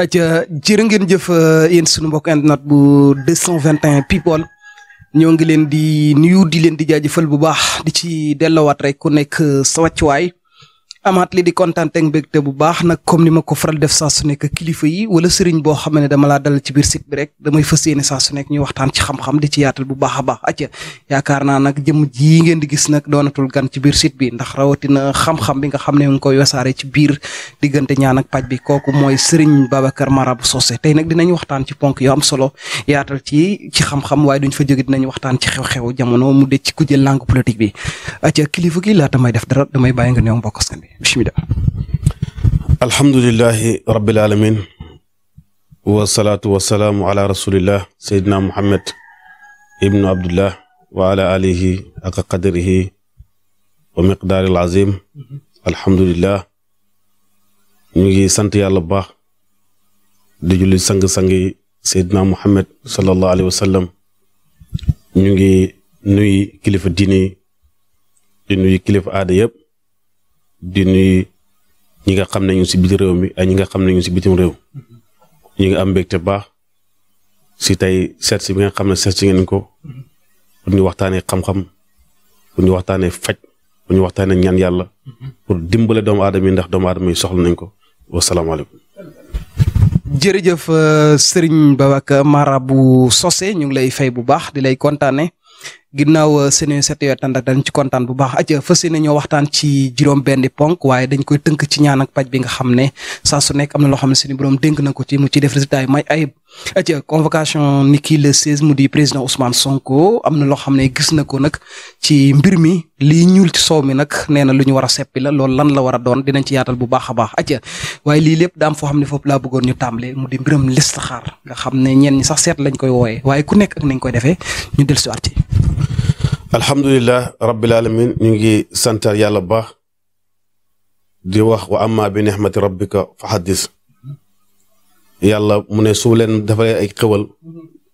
aca jërë ngeen jëf euh, yéen suñu mbokk internet bu 221 people ñoo ngi leen di nuyu di leen di jaajëfal bu baax di ci dellowaat rek ku nekk euh, sa wàccuwaay amaat li di kontaan ak mbégte bu baax nag comme ni ma ko faral def saa su nekk kilifa yi wala sëriñ boo xam ne dama laa dal ci biir site bi rek damay fas yéene saa su nekk ñuy waxtaan ci xam-xam di ci yaatal bu baax a baax acca yaakaar naa nag jëm jii ngeen di gis nag doonatul gan ci biir site bi ndax rawatina xam bi nga xam ne mu ngi koy wasaare ci biir diggante ñaan ak bi kooku mooy sëriñ Babacar Marabu Socé tey nag dinañ waxtaan ci ponk yoo am solo yaatal ci ci xam-xam waaye duñ fa jóge dinañ waxtaan ci xew-xew jamono mu de ci ku jël langue politique bi acca kilifa gi laata may def dara damay bàyyi nga neew mbokk askan bi bismillah alhamdulilahi rabbil alamin wasalaatu wasalaamu ala rasulillah seydina muhammad ibnu abdullah wa ala alihi ak wa miqdaaril azim alhamdulillah ñu ngi sant yàlla bu baax di julli sang-sang yi seydina muhammad sallallahu alayhi wa sallam ñu ngi nuy kilifa diini di nuy kilifa aada yëpp di nuyu ñi nga xam ne ñu ngi si biti réew mi ak ñi nga xam ne ñu ngi si réew ñu ngi am mbégte baax si tey seet si bi nga xam ne seet si ngeen ko pour ñu waxtaanee xam-xam pour ñu waxtaanee faj pour ñu waxtaanee ñaan yàlla pour dimbale doomu aadama yi ndax doomu aadama yi soxla nañ ko wasalaamaaleykum. jërëjëf sëriñ euh, Serigne Babacar Marabu Socé ñu ngi lay fay bu baax di lay kontaanee. ginnaaw euh, seen set yoo tànd ak ci kontaan bu baax a fas yéene ñoo waxtaan ci juróom benn ponk waaye dañ koy tënk ci ñaan ak paj bi nga xam ne saa su nekk am na loo xam ne seen borom dénk na ko ci mu ci def résultat yi may ayib aja convocation ni kii le 16 mu di président Ousmane Sonko am na loo xam ne gis na ko nag ci mbir mi lii ñuul ci soow mi nag nee na lu ñu war a seppi la loolu lan la war a doon dinañ ci yaatal bu baax a baax acca waaye lii lépp daam foo xam ne foofu laa bëggoon ñu tàmbale mu di mbiram listixaar nga xam ne ñenn ñi sax seet lañ koy wooye waaye ku nekk ak nañ koy defee ñu del siwaat ci alhamdulilah rabbil alamin ñu ngi santar yàlla bu baax di wax wa amma bi nixmati rabbika fa xaddis yàlla mu ne su leen defalee ay xewal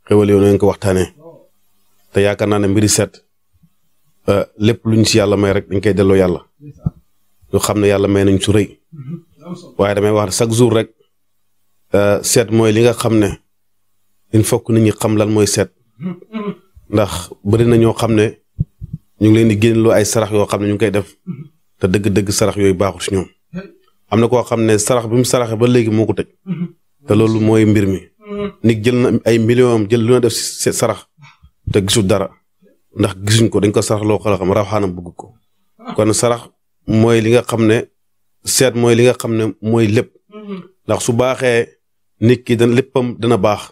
xewal yoo neen ko waxtaanee te yaakaar naa ne mbiri set Euh, lépp luñ si yàlla may rek dañ koy delloo yàlla ñu xam ne yàlla may nañ su rëy waaye damay wax chaque jour rek euh, seet mooy li nga xam ne il faut que nit xam lan mooy seet ndax bëri na ñoo xam ne ñu ngi leen di génnloo ay sarax yoo xam ne ñu ngi koy def te dëgg-dëgg sarax yooyu baaxul si ñoom am na koo xam ne sarax bi mu saraxe ba léegi moo ko tëj te loolu mooy mbir mi nit jël na ay million am jël lu na def si sarax te gisul dara ndax gisuñ ko dañ ko sarax loo xam raw xaanam bëgg ko kon sarax mooy li nga xam ne seet mooy li nga xam ne mooy lépp ndax su baaxee nit ki dana léppam dana baax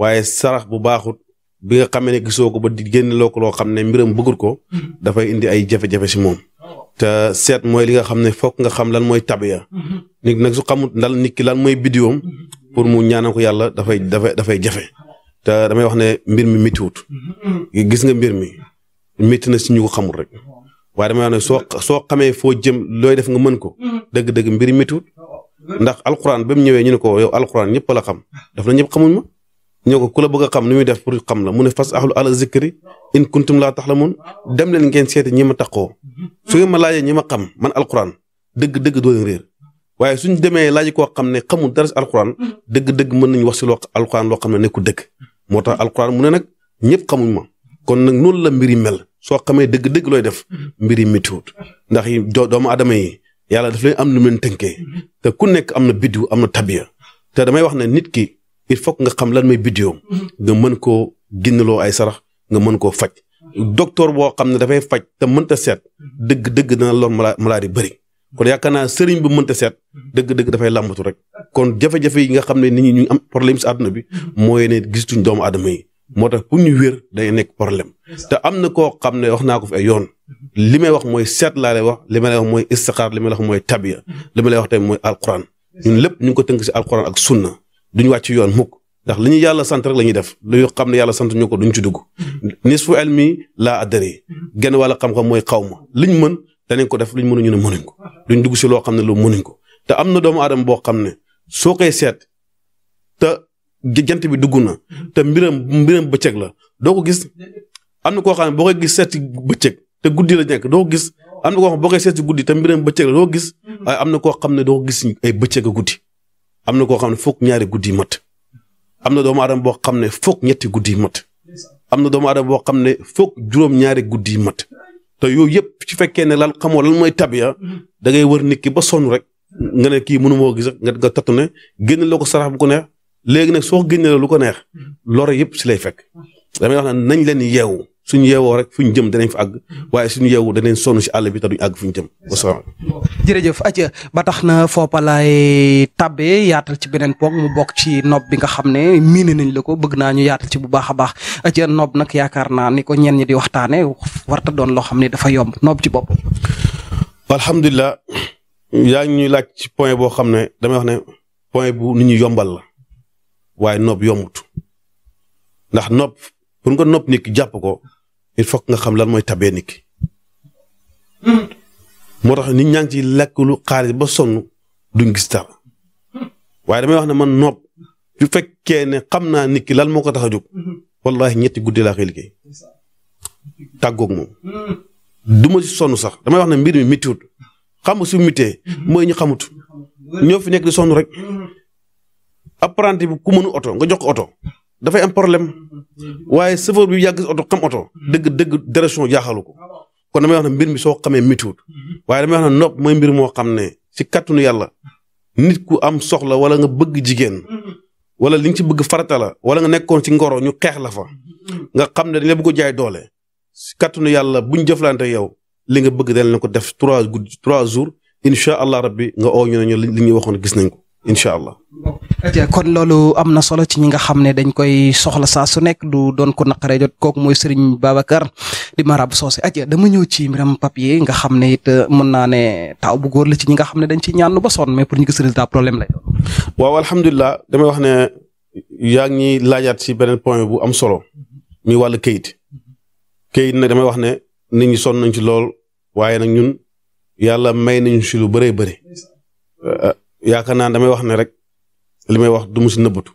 waaye sarax bu baaxut bi nga xamee ne gisoo ko ba di génn loo ko loo xam ne mbiram bëggul ko dafay indi ay jafe-jafe si moom te seet mooy li nga xam ne fokk nga xam lan mooy tabiya nit nag su xamut ndal nit ki lan mooy bidiwam pour mu ñaanal ko yàlla dafay dafay dafay jafe te damay wax ne mbir mi méttiwut mm-hmm. gis nga mbir mi métti na si ñu rek mm-hmm. waaye damay ne soo soo xamee foo jëm looy def nga mën ko mm-hmm. dëgg-dëgg mbir mi méttiwut ndax alxuraan ba mu ñëwee ñu ne ko yow alxuraan ñëpp la xam daf na ñëpp xamuñ ma ñoo ko ku la bëgg xam ni muy def pour xam la mu ne fas ahlu ala zikri in kuntum laa taxlamun dem leen ngeen seeti ñi ma taxoo su ngeen ma laajee ñi ma xam man alxuraan dëgg-dëgg doo leen réer waaye suñ demee laaj ko xam ne xamul dara si alxuraan dëgg-dëgg mën nañu wax si loo alxuraan loo xam ne nekkul dëgg moo tax alquran mu ne nag ñëpp xamuñ ma kon nag noonu la mbir yi mel soo xamee dëgg-dëgg looy def mm-hmm. mbir yi méttiwut ndax yi doomu adama yi yàlla dafa leen am lu mu leen tënkee mm-hmm. te ku nekk am na biddiw am na tabiya te damay wax ne nit ki il faut nga xam lan may biddiwam mm-hmm. nga mën koo ginnaloo ay sarax nga mën koo faj docteur boo xam ne dafay faj te mënta seet dëgg dëgg dana lor mala maladi bëri kon yaakaar naa sëriñ bu mënta seet dëgg-dëgg dafay làmbatu rek kon jafe-jafe yi nga xam ne nit ñu am problème si àdduna bi mooy ne gistuñ doomu aadama yi moo tax pour ñu wér day nekk problème te am na koo xam ne wax naa ko fi ay yoon li may wax mooy seet laa lay wax li ma lay wax mooy istixaar li wax mooy tabiya li ma lay wax tamit mooy alquran ñun lépp ñu ngi ko tënk si alquran ak sunna duñ wàcc yoon mukk ndax li ñu yàlla sant rek la ñuy def lu ñu xam ne yàlla sant ñu ko duñ ci dugg nisfu elmi laa addari genn wàlla xam danañ ko def luñ mënuñu ne mënuñ ko duñ dugg si loo xam ne lu mënuñ ko te am na doomu aadama boo xam ne soo koy seet te jant bi dugg na te mbiram mbiram bëccëg la doo ko gis am na koo xam boo koy gis seet si bëccëg te guddi la nekk doo gis am na boo koy seet guddi te mbiram bëccëg la waaye am na koo xam ne doo ko gis ay bëccëg guddi am na koo xam ne foog ñaari guddi mat am na doomu aadama boo xam ne foog ñetti guddi mat am na doomu aadama boo xam ne foog juróom-ñaari guddi mat te yooyu yëpp ci fekkee ne lan xamoo lan mooy tabiya mm-hmm. da ngay wër ki ba sonn rek nga ne kii mënu moo gis nga nga tattu ne génne la ko sarax bu ko neex léegi nag soo génnee la lu ko neex mm-hmm. lore yëpp si lay fekk mm-hmm. damay wax ne nañ leen yeewu suñu yeewoo rek fuñ jëm danañ fa àgg waaye suñu yeewu danañ sonn si àll bi te duñ àgg fuñ jëm wasalaam jërëjëf aja ba tax na foofa laay tàbbee yaatal ci beneen poog mu bokk ci nob bi nga xam ne miine nañ la ko bëgg naa ñu yaatal ci bu baax a baax aja nob nag yaakaar naa ni ko ñenn ñi di waxtaane warta doon loo xam ne dafa yomb nob ci bopp alhamdulilah yaa ngi ñuy laaj ci point boo xam ne damay wax ne point bu nit ñu yombal la waaye nob yombut ndax nopp pour nga nopp nit ki jàpp ko il nga xam lan mooy tabee nit ki moo tax nit ñaa ngi ci lekk lu ba sonn duñ gis dara waaye damay wax ne man noob bu fekkee ne xam naa nit ki lan moo ko tax a jóg wallaahi ñetti guddi laa koy liggéey tàggoog moom du ma ci sonn sax damay wax ne mbir mi méttiwut xam su mitee mooy ñu xamut ñoo fi nekk di sonn rek apprenti bi ku mënu oto nga jox ko oto dafay am problème waaye chauffeur bi yàgg oto xam oto dëgg dëgg direction jaaxalu ko kon damay wax ne mbir mi soo xamee méttiwut waaye damay wax ne mooy mbir moo xam ne ci kàttanu yàlla nit ku am soxla wala nga bëgg jigéen wala li nga ci bëgg farata la wala nga nekkoon ci ngoro ñu xeex la fa nga xam ne dañ la bëgg jaay doole ci kàttanu yàlla buñ jëflante yow li nga bëgg dañ la ko def trois guddi trois jours incha allah rabbi nga oo ñu ñu li ñu waxoon gis nañ ko. incha allah. kon loolu am na solo ci ñi nga xam ne dañ koy soxla saa su nekk du doon ko naqaree jot kooku mooy Serigne Babacar di maraab soose aja dama ñëw ci mbiram papier nga xam ne it euh, mën naa ne taw bu góor la ci ñi nga xam ne dañ ci ñaanu ba sonn mais pour ñu gis résultat problème lay doon. waaw alhamdulilah damay wax ne yaa ngi laajaat si beneen point bu am solo mi wàllu kayit këyit nag damay wax ne nit ñi sonn nañ ci lool waaye nag ñun yàlla may nañu si lu bëree bëri. yaakaar naa damay wax ne rek li may wax du mu si nëbbatu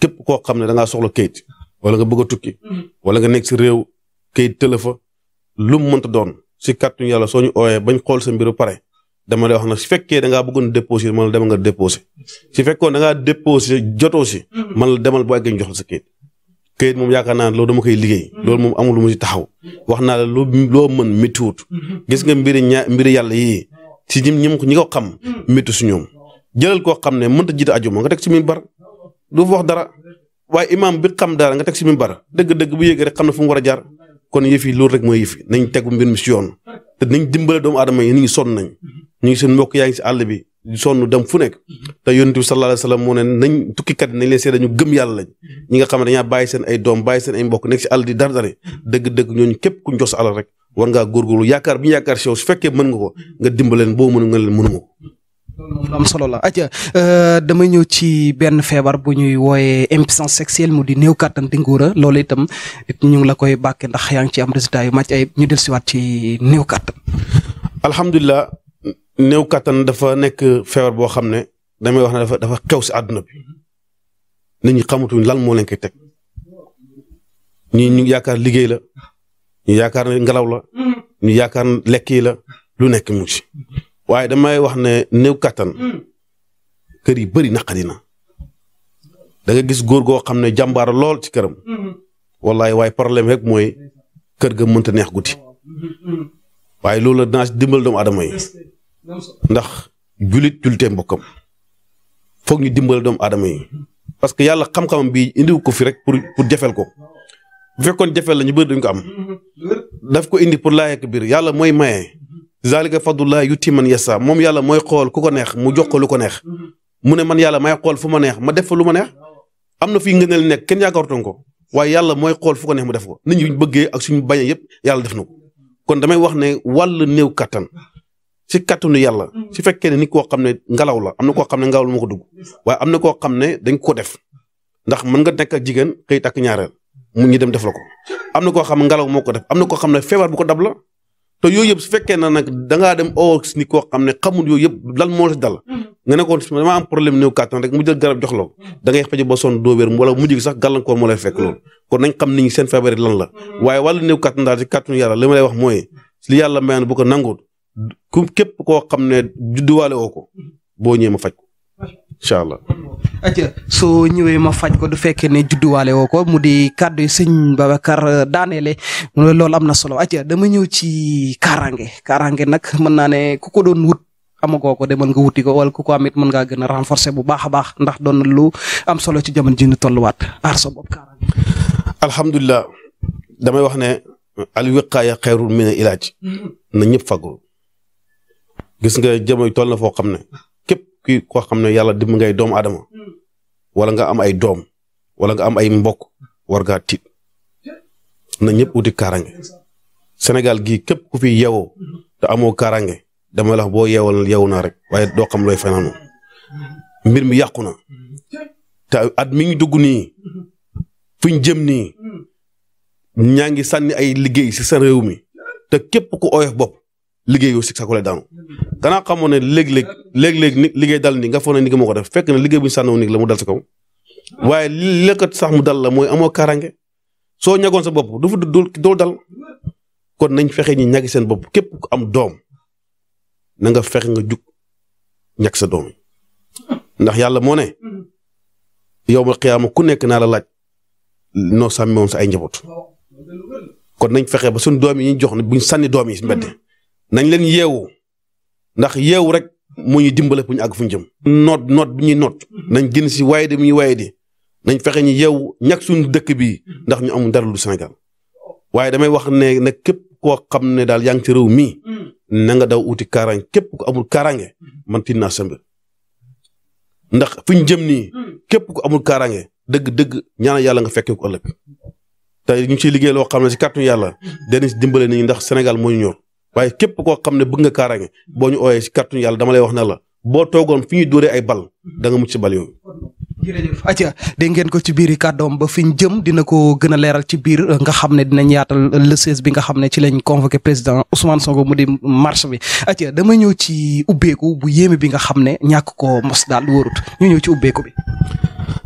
képp koo xam ne dangaa soxla kayit wala nga bëgg tukki wala nga nekk si réew kayit tëla lu mu mënta doon si kàttu yàlla soo ñu ooyee bañ xool sa mbiru pare dama lay wax na su fekkee da ngaa bëggoon déposé man la demal nga déposé su fekkoon da ngaa déposé jotoo si man la demal bu àggee ñu jox sa kayit kayit moom yaakaar naa loolu dama koy liggéey loolu moom amul lu mu si taxaw wax naa la mën méttiwut si ñi ñi ñi ko xam mm. métti su ñoom jëlal koo xam ne mënta jiite ajuma nga teg si minbar du wax dara waaye imaam bi xam dara nga teg si bar dëgg-dëgg bu yéeg rek xam ne fu mu war a jar kon yëf yi loolu rek moo yëf nañ tegu mbir mi si yoon te nañ dimbale doomu aadama yi nit ñi sonn nañ mm-hmm. ñu ngi seen mbokk yaa ngi si àll bi sonn dem fu nekk mm-hmm. te yonent bi sallallahu alayhi wasallam moo ne nañ tukkikat nañ leen seede ñu gëm yàlla lañ mm-hmm. xam ne dañaa bàyyi seen ay doom bàyyi seen ay mbokk nekk si àll di dardari dëgg-dëgg ñooñu képp ku njos alal rek war ngaa góorgóorlu yaakaar bi ñu yaakaar si yow su fekkee mën nga ko nga dimbaleen boo mën nga leen mënu nga ko. loolu am solo la aja euh, damay ñëw ci benn feebar bu ñuy wooyee impuissance sexuelle mu di néew kàttan di ngóora loolu itam ñu ngi la koy bàkkee ndax yaa ngi ci am résultat yu màcc ay ñu dellusiwaat ci néew kàttan. alhamdulilah néew kàttan dafa nekk feebar boo xam ne damay wax ne dafa dafa xew si àdduna bi nit ñi xamatuñ lan moo leen koy teg ñi ñu yaakaar liggéey la ñu yaakaar na ngelaw la mm-hmm. ñu yaakaar lekk yi la lu nekk mu ci waaye damay wax ne néew kàttan mm-hmm. kër yi bëri naqari na da gis góor goo xam ne jàmbaara lool ci këram mm-hmm. wallaay waaye problème rek mooy kër ga mënta neex guddi waaye loolu la dinaa si dimbal doomu aadama yi ndax julit julitee mbokkam foog ñu dimbal doomu aadama yi parce que yàlla xam-xamam bi indiw ko fi rek pour pour jafel ko bu fekkoon jafe la ñu bëri duñ ko am daf ko indi pour laay ak biir yàlla mooy maye zalika fadlullah yuti man yasa moom yàlla mooy xool ku ko neex mu jox ko lu ko neex mu ne man yàlla may xool fu ma neex ma def fa lu ma neex am na fii ngëneel nekk kenn yaakaartoon ko waaye yàlla mooy xool fu ko neex mu def ko nit ñi bëggee ak suñu bañee yëpp yàlla def na ko kon damay wax ne wàll néew kattan si kattanu yàlla si fekkee ne nit koo xam ne ngelaw la am na koo xam ne ngelaw la ma ko dugg waaye am na koo xam ne dañ ko def ndax mën nga nekk jigéen xëy takk ñaareel mu ñu dem def la ko am na koo xam ngelaw moo ko def am na koo xam ne feebar bu ko dab la te yooyu yëpp su fekkee na nag dangaa dem oo ni koo xam ne xamul yooyu yëpp lan moo la dal mm-hmm. nga ne ko dama am problème néew kàttan rek mu jël garab jox la mm-hmm. da ngay faj ba sonn doo wér wala mujj sax gàllankoor moo lay fekk loolu mm-hmm. kon nañ xam nit ñi seen feebar lan la waaye wàllu néew kàttan daal ci kàttanu yàlla li lay wax mooy li yàlla mayoon bu ko nanguut ku képp koo xam ne judduwaale woo ko boo ñëwee ma faj ko incha allah. acca soo ñëwee ma faj ko du fekkee ne judduwaale woo ko mu di kàddu yi sëñ Babacar daaneele loolu am na solo acca dama ñëw ci kaaraange kaaraange nag mën naa ne ku ko doon wut. am amagoo ko de mën nga wuti ko wala ku ko am it mën ngaa gën a renforcer bu baax a baax ndax doon na lu am solo ci jamono ji ñu tolluwaat aar sa bopp kaaraange. alhamdulilah damay wax ne al wiqaaya xayrun ilaaj mm-hmm. na ñëpp fagul gis nga jamono toll na foo xam ne. koo xam ne yàlla dim ngay doomu aadama wala nga am ay doom wala nga am ay mbokk war ngaa tiit na ñëpp uti kaaraange Sénégal gii képp ku fi yeewoo te amoo kaaraange dama la boo yeewal yeewu naa rek waaye doo xam looy fanaanoo mbir mi yàqu na te at mi ngi dugg nii fuñ jëm nii ñaa ngi sànni ay liggéey si sa réew mi te képp ku oyof bopp liggéeyoo si sa ko daanu danaa xamoon ne léeg-léeg léeg-léeg ni liggéey dal ni nga foog ne ni nga moo ko def fekk na liggéey bu ñu sànnaw nii la mu waaye li lekkat sax mu dal la mooy amoo kaaraange soo ñagoon sa bopp du fa dool dal kon nañ fexe ñi ñagi seen bopp képp ku am doom na nga fexe nga jug ñag sa doom ndax yàlla moo ne yowmal xiyaama ku nekk naa la laaj noo sàmmewoon sa ay njaboot kon nañ fexe ba suñ doom yi ñu jox ne buñ sànni doom yi si mbedd nañ leen yeewu ndax yeewu rek moo ñu dimbale bu ñu àgg fu ñu jëm. noot noot bi ñuy noot. nañ génn si waaye de bu ñuy waaye de nañ fexe ñi yeewu ñàkk suñu dëkk bi ndax ñu am dara lu Sénégal waaye damay wax ne nag képp koo xam ne daal yaa ngi ci réew mii. Mm. na nga daw uti kaaraange képp ku amul kaaraange mm. man tiit naa ndax fi ñu jëm nii mm. képp ku amul kaaraange dëgg dëgg ñaanal yàlla nga fekkee ko ëllëg te ñu ngi ciy liggéey loo xam ne si kàttu yàlla danañ si dimbale nit ñi ndax Sénégal moo ñor. waaye képp koo xam ne bëgg nga kaaraange boo ñu ooyee si kàttanu yàlla dama lay wax na la boo toogoon fi ñuy dóoree ay bal danga nga mucc si bal yooyu. jërëjëf Aja dégg ngeen ko ci biir kàddoom ba fi ñu jëm dina ko leeral ci biir euh, nga xam ne dinañ yaatal euh, le 16 bi nga xam ne ci lañ convoqué président Ousmane Sonko mu di marche bi Aja dama ñëw ci ubbeeku bu yéeme bi nga xam ne ñàkk ko mos daal wóorut ñu ñëw ci ubbeeku bi.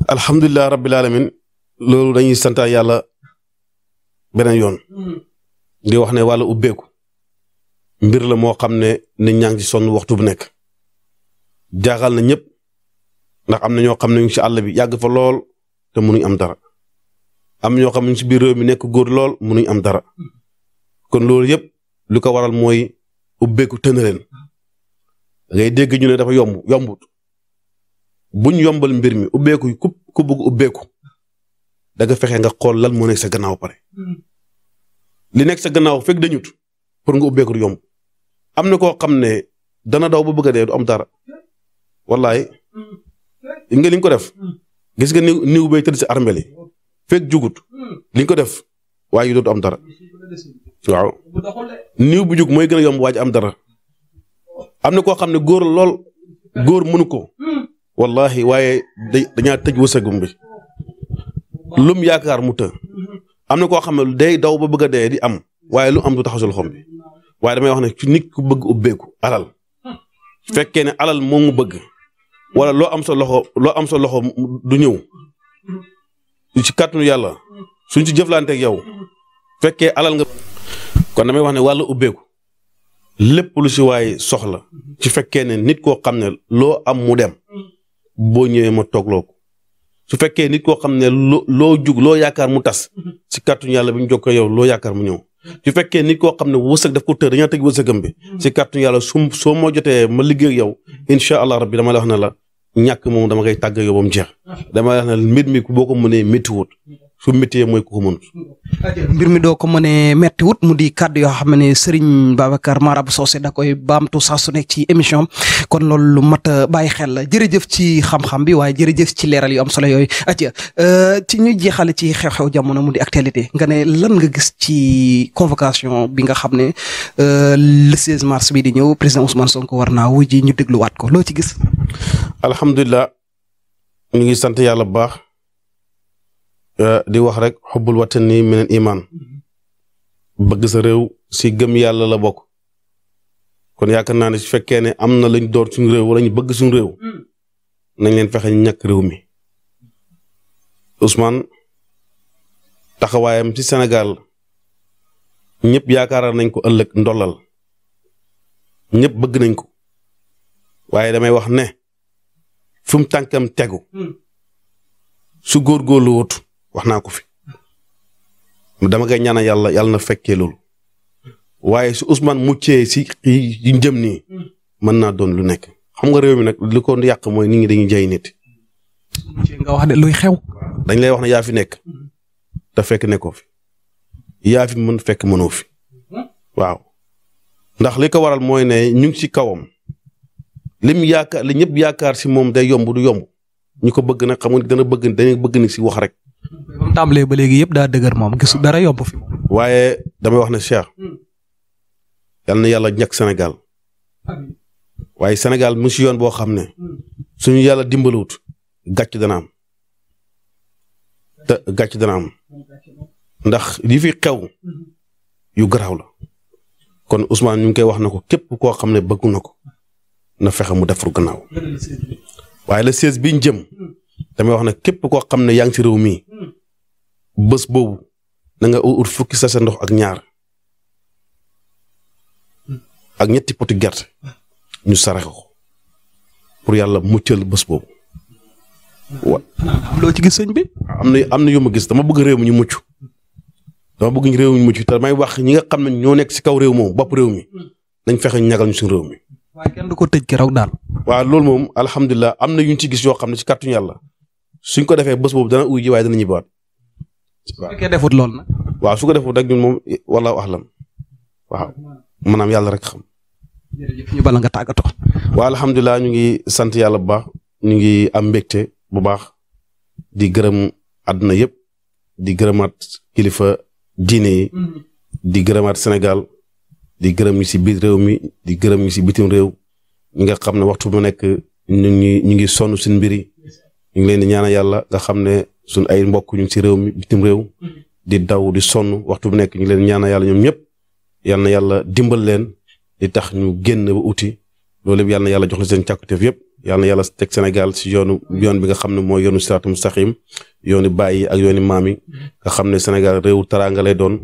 alhamdulilah rabbil alamin loolu dañuy santaa yàlla beneen yoon. Hmm. di wax ne wàllu ubbeeku. mbir la moo xam ne nit ñaa ngi ci sonn waxtu bu nekk jaaxal na ñëpp ndax am na ñoo xam ne ñu ngi ci àll bi yàgg fa lool te mënuñ am dara am ñoo xam ne ci biir réew mi nekk góor lool mënuñ am dara kon loolu yëpp lu ko waral mooy ubbeeku tën leen ngay dégg ñu ne dafa yomb yombut buñ yombal mbir mi ubbeeku ku ku bëgg ubbeeku da fexe nga xool lan moo nekk sa gannaaw pare hmm. li nekk sa gannaaw fekk dañut pour nga ubbeeku yomb am na koo xam ne dana daw ba bëgg a dee du am dara wallaay li nga li ko def gis nga niw niw bay tëdd si armeel yi fekk jugut li ko def waaye yu dootu am dara waaw niw bu jug mooy gën a yomb waaj am dara am na koo xam ne góor lool góor mënu ko wallahi waaye dañaa tëj wësagum bi lum yaakaar mu të am na koo xam ne day daw ba bëgg a dee di am waaye lu am du taxaw si loxoom waaye damay wax ne ci nit ku bëgg ubbeeku alal fekkee ne alal moom mu bëgg wala loo am sa loxo loo am sa loxo du ñëw ci kàttanu yàlla suñ ci jëflanteeg yow fekkee alal nga. kon damay wax ne wàllu ubbeeku lépp lu si waaye soxla ci fekkee ne nit koo xam ne loo am mu dem boo ñëwee ma toogloo ko su fekkee nit koo xam ne loo loo jug loo yaakaar mu tas si kàttanu yàlla bi ñu jokkoo yow loo yaakaar mu ñëw. su fekkee nit koo xam ne wërsëg daf ko tër a tëj wërsëgam bi hmm. si kàttu yàlla su soo moo jotee ma liggéey ak yow incha allah rabbi dama la wax ne la ñàkk moom dama koy tàgg yow ba jeex hmm. dama la wax ne mbir mi boo ko mënee méttiwut hmm. su métier mooy ku ko mënut. mbir mi doo ko mënee méttiwut mu di kàddu yoo xam ne Serigne Babacar Marabu Socé da koy baamtu saa su nekk ci émission kon loolu lu mat bàyyi xel la jërëjëf ci xam-xam bi waaye jërëjëf ci leeral yu am solo yooyu. atia euh, ci ñu jeexale ci xew-xew jamono mu di actualité nga ne lan nga gis ci convocation bi nga xam ne euh, le 16 mars bi di ñëw président Ousmane Sonko war naa wuy ji ñu dégluwaat ko loo ci gis. alhamdulilah ñu ngi sant yàlla bu baax. Euh, di wax rek xubbul watani meneen imaan bëgg sa réew si gëm yàlla la bokk kon yaakaar naa ne su fekkee ne am na lañ doon suñu réew wala ñu bëgg suñu réew hmm. nañ leen fexe ñàkk réew mi Ousmane taxawaayam ci senegal ñëpp yaakaar nañ ko ëllëg ndollal ñëpp bëgg nañ ko waaye damay wax ne fu mu tànkam tegu hmm. su góorgóorlu wut wax naa ko fi dama koy ñaanal yàlla yàlla na fekkee loolu waaye su Ousmane muccee si yi jëm nii mën naa doon lu nekk xam nga réew mi nag li ko yàq mooy nit ñi dañuy jaay nit. nga wax de luy xew. lay wax ne yaa fi nekk te fekk nekkoo fi yaa fi mën fekk mënoo fi waaw ndax li ko waral mooy ne ñu si ci kawam lim yaakaar li ñëpp yaakaar si moom day yomb du yomb ñu ko bëgg nag xam nga dana bëgg dañuy bëgg ni si wax rek. ba ba léegi yëpp daa dëgër moom gisu dara yomb fi. waaye damay wax na Cheikh. Hmm. yal na yàlla ñàkk Sénégal. waaye Sénégal mu si yoon boo xam ne. Hmm. suñu yàlla dimbaluwut gàcc dana am. Hmm. te gàcc dana am. ndax li fi xew. yu garaaw la. kon Ousmane ñu ngi koy wax na ko képp koo xam ne bëgg na ko. na fexe mu defar gannaaw. waaye le 16 biñ jëm. damay wax na képp koo xam ne yaa ngi ci réew mii hmm. bés boobu na nga ut fukki sa ndox ak ñaar hmm. ak ñetti poti gerte ñu saraxe ko pour yàlla muccal bés boobu. Hmm. wa ci gis sëñ bi. am na am na yu ma gis dama bëgg réew mi ñu mucc dama bëgg ñu mi ñu mucc te may wax ñi nga xam ne ñoo nekk ci kaw réew bopp réew mi nañ fexe ñagal ñu suñu réew mi. waaye du ko tëj keroog daal. waaw loolu moom alhamdulilah am na yu ñu ci gis yoo xam ne si kàttuñu yàlla suñ ko defee bës boobu dana uyu ji waaye dana ñibbaat. waaw su waaw su ko defut rek ñun moom wallaahu ahlam waaw yàlla rek xam. jërëjëf ñu tàggatoo. waaw alhamdulilah ñu ngi sant yàlla bu baax ñu ngi am mbégte bu baax di gërëm àdduna yëpp di gërëmaat kilifa diine yi. Mm-hmm. di gërëmaat Sénégal di gërëm ñu si biir réew mi di gërëm ñu si bitim réew. ñi nga xam ne waxtu bu nekk ñu ngi ñu ngi sonn suñ mbir ñu ngi leen di ñaanal yàlla nga xam ne suñ ay mbokk ñu si réew mi bitim réew di daw di sonn waxtu bu nekk ñu ngi leen ñaanal yàlla ñoom ñëpp yal na yàlla dimbal leen di tax ñu génn ba uti loolu yëpp na yàlla jox seen càkkuteef yëpp yàlla na yàlla teg senegal si yoonu yoon bi nga xam ne mooy yoonu siraatul mustaqiim yooni bàyyi ak yooni maam yi nga xam ne Sénégal réewu taraanga lay doon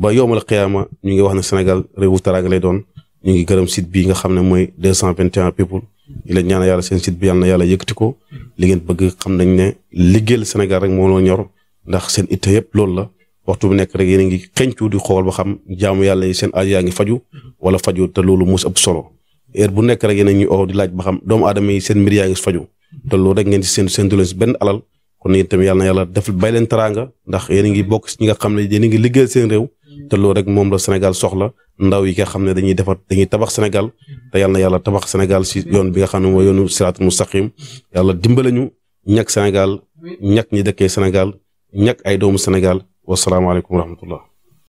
ba yoomal xiyaama ñu ngi wax ne Sénégal réewu taraanga lay doon ñu ngi gërëm site bi nga xam ne mooy deux cent et un people di leen ñaan yàlla seen site bi yàlla na yëkkati ko li ngeen bëgg xam nañ ne liggéeyal Sénégal rek moo loo ñor ndax seen itte yëpp loolu la waxtu bu nekk rek yéen a ngi xencu di xool ba xam jaamu yàlla yi seen aaj yaa ngi faju wala faju te loolu mos ëpp solo heure bu nekk rek yéen a ngi oo di laaj ba xam doomu aadama yi seen mbir yaa ngi faju te loolu rek ngeen ci seen seen si benn alal kon yéen tamit yàlla def bay leen ndax yéen ngi bokk si ñi nga xam ne yéen a ngi liggéeyal seen réew te loolu rek moom la Sénégal soxla ndaw yi nga xam ne dañuy defar dañuy tabax senegal te yàlla yàlla tabax senegal si yoon bi nga xam ne mooy yoonu siraat mustaqim yàlla dimbale ñu ñàkk senegal ñàkk ñi dëkkee senegal ñàkk ay doomu Sénégal wasalaamaaleykum wa rahmatullah